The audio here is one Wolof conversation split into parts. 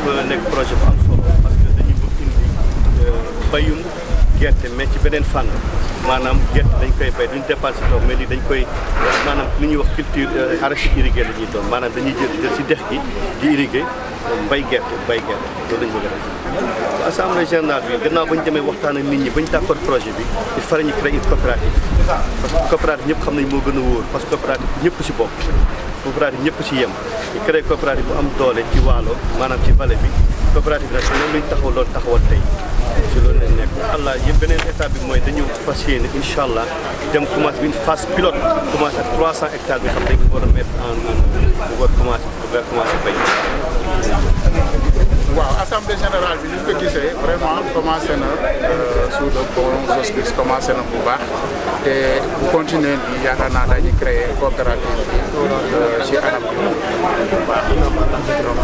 dafa projet bu am solo parce que dañu bëgg indi euh, bayum gerte mais ci beneen fànn maanaam gerte dañ koy bay duñ dépassé toog mais lii dañ koy euh, maanaam li ñuy wax culture euh, arachide irrigué la ñuy doon maanaam dañuy jël jël si dex gi di irrigué mbay gerte bay gerte loolu lañ bëgg a def. assemblée générale bi gannaaw ba ñu demee waxtaan ak nit ñi bañ ñu d'accord projet bi il fallait ñu créer une coopérative parce que coopérative ñëpp xam nañ moo gën a wóor parce que coopérative ñëpp si bopp. coopérative ñëpp ci yem ñu créé coopérative bu am doole ci waalo maanaam ci vallée bi coopérative nag moom lañ taxaw loolu taxawal tey ci loolu lañ nekk allah yëpp beneen étape bi mooy dañu fas yéene incha allah dem commencé bi une phase pilote commencé ak 300 hectares bi xam dañ ko war a mettre en bu war commencé war commencé bay waaw assemblée générale bi ni ñu ko gisee vraiment commencé na euh, sous de bons auspices commencé na bu baax te bu continuer bi yaakaar naa dañuy créer coopérative bi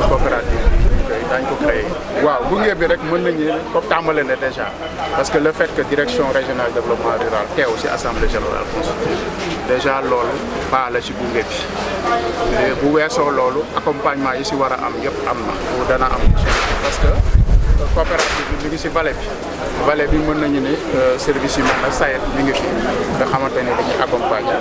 coopérative bi daañu ko créé waaw gunge bi rek mën nañu ko tàmbale ne déjà parce que le fait que direction régionale développement rural teew si assemblée générale constitutive déjà loolu baa la si gunge bi mais bu weesoo loolu accompagnement yi si war a am yëpp am na dana am parce que euh, coopérative bi mi ngi si vallée bi vallée bi mën nañu ne euh, service yi mel na SAED mi ngi fi nga xamante ne dañuy accompagner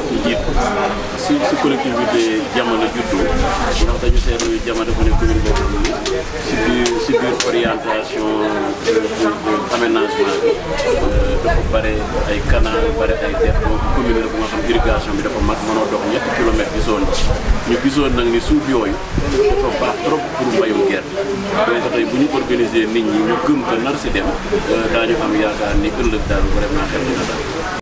jiit si si collectivité jamono juddoo ndax dañu seetlu jamono dafa ne commune boobu si bi si biir orientation aménagement euh, dafa bare ay canal bare ay dépôt commune la bu nga xam irrigation bi dafa mag mënoo dox ñetti kilomètres gisoon ñu gisoon nag ni suuf yooyu dafa baax trop pour mbayum gerte donc bu ñu organiser nit ñi ñu gëm ko nar si dem euh, daañu am yaakaar ni ëllëg daal vraiment xel dina daal